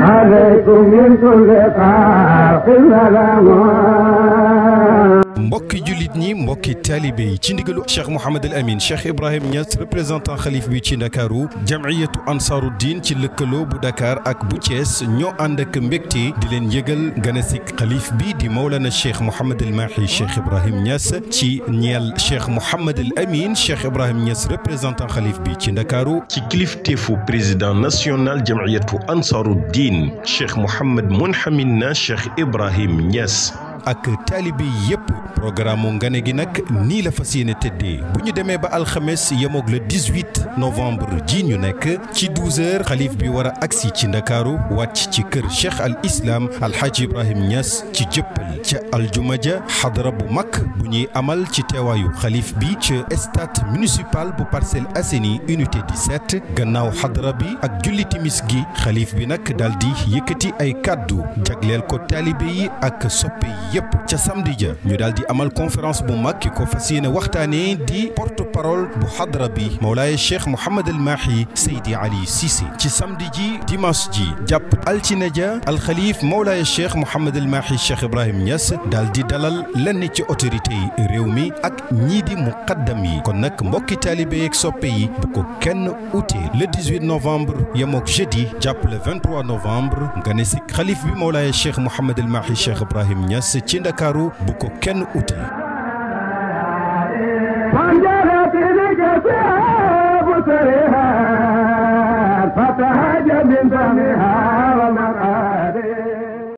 عليكم من كل قاف ظلمون ñi mbokki taalibe yi ci ndigalu cheikh Mouhamadul Amin cheikh Ibrahim Niass représentant xalif bi ci ndakaaru jamiyatu ansaaru din ci lëkkaloo bu Dakar ak bu Thiès ñoo ànd ak mbégte di leen yëgal ganasik xalif bi di mawlana cheikh Mouhamadul Mahi cheikh Ibrahim Niass ci ñeel cheikh Mouhamadul Amin cheikh Ibrahim Niass représentant xalif bi ci ndakaaru ci kilifteefu président national jamiyatu ansaaru diin cheikh Mouhamad Mounhamin na cheikh Ibrahim Niass. ak taalibe yépp programme mu ngane gi nag nii la fas yéene tëddee bu ñu demee ba alxames yemoog le 18 novembre ji ñu nekk ci 12h bi war a agsi ci ndakaaru wàcc ci kër cheikh al islam alxaaji ibrahim Niass ci jëppal ca aljuma ja xadara bu mag bu ñuy amal ci teewaayu xalif bi ca stade municipal bu Parcelles Assainies unité 17 gannaaw xadara bi ak julli timis gi xalif bi nag daal di yëkkati ay kàddu jagleel ko taalibe yi ak soppe yëpp ca samdi ja ñu daal di amal conférence bu mag ko fas yéene waxtaanee di porte parole bu xadra bi Mawlaaye Cheikh Mouhamed El Mahi Seydi Ali Cissé ci samdi ji dimanche ji jàpp altine ja alxalif Mawlaaye Cheikh Mouhamed El Mahi Cheikh Ibrahim ñas daal di dalal lenn ci autorité yi réew mi ak ñii di muqaddam yi kon nag mbokki taalibe yeeg soppe yi bu ko kenn ute le 18 novembre yemook jeudi jàpp le 23 novembre nga ne si xalif bi Mawlaaye Cheikh Mouhamed El Mahi Cheikh Ibrahim Niass ci ndakaaru bu ko kenn uti.